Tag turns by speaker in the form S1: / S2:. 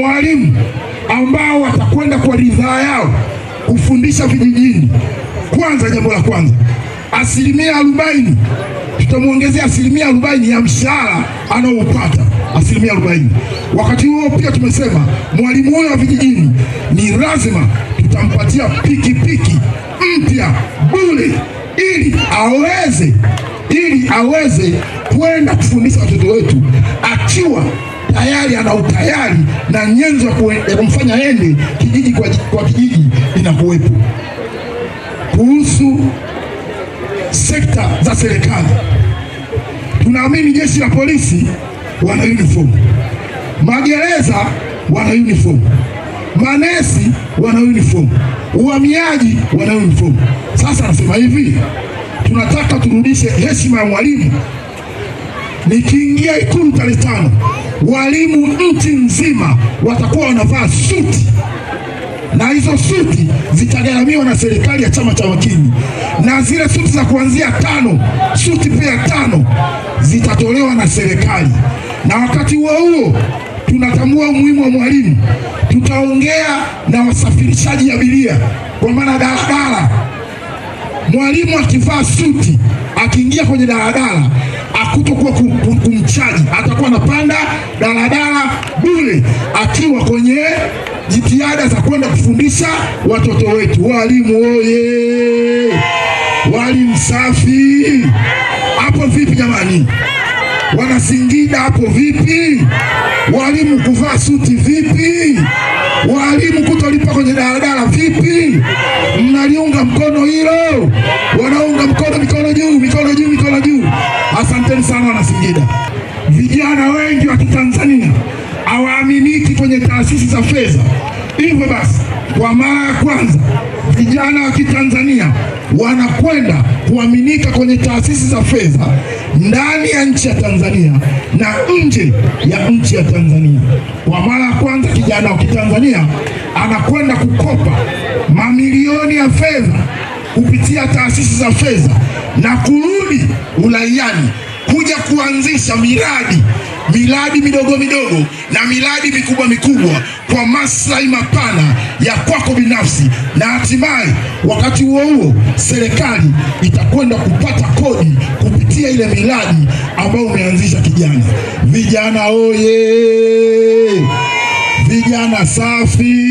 S1: walimu ambao watakwenda kwa ridhaa yao kufundisha vijijini. Kwanza, jambo la kwanza, asilimia arobaini tutamwongezea asilimia arobaini ya mshahara anaoupata, asilimia arobaini. Wakati huo pia tumesema mwalimu huyo wa vijijini ni lazima tutampatia pikipiki mpya bure, ili aweze ili aweze kwenda kufundisha watoto wetu akiwa tayari ana utayari na nyenzo ya kumfanya ende kijiji kwa, kwa kijiji inakuwepo. Kuhusu sekta za serikali, tunaamini jeshi la polisi wana uniform, magereza wana uniform, manesi wana uniform, uhamiaji wana uniform. Sasa anasema hivi, tunataka turudishe heshima ya mwalimu nikiingia Ikulu tarehe tano, walimu nchi nzima watakuwa wanavaa suti na hizo suti zitagharamiwa na serikali ya chama cha Makini, na zile suti za kuanzia tano, suti pia tano zitatolewa na serikali. Na wakati huo huo tunatambua umuhimu wa mwalimu, tutaongea na wasafirishaji abiria, kwa maana daladala. Mwalimu akivaa suti akiingia kwenye daladala hakutokuwa kumchaji, atakuwa anapanda daladala bure, akiwa kwenye jitihada za kwenda kufundisha watoto wetu. Walimu oye! Walimu safi! Hapo vipi jamani? Wanasingida hapo vipi? Walimu kuvaa suti vipi? Walimu kutolipa kwenye daladala vipi? Mnaliunga mkono hilo? Wanaunga mkono, mikono juu, mikono juu asanteni sana singida Vijana wengi wa Kitanzania hawaaminiki kwenye taasisi za fedha, hivyo basi kwa mara ya kwanza vijana wa Kitanzania wanakwenda kuaminika kwenye taasisi za fedha ndani ya nchi ya Tanzania na nje ya nchi ya Tanzania. Kwa mara ya kwanza kijana wa Kitanzania anakwenda kukopa mamilioni ya fedha kupitia taasisi za fedha na kurudi uraiani kuja kuanzisha miradi miradi midogo midogo na miradi mikubwa mikubwa kwa maslahi mapana ya kwako binafsi, na hatimaye wakati huo huo serikali itakwenda kupata kodi kupitia ile miradi ambayo umeanzisha kijana. Vijana oye! Vijana safi!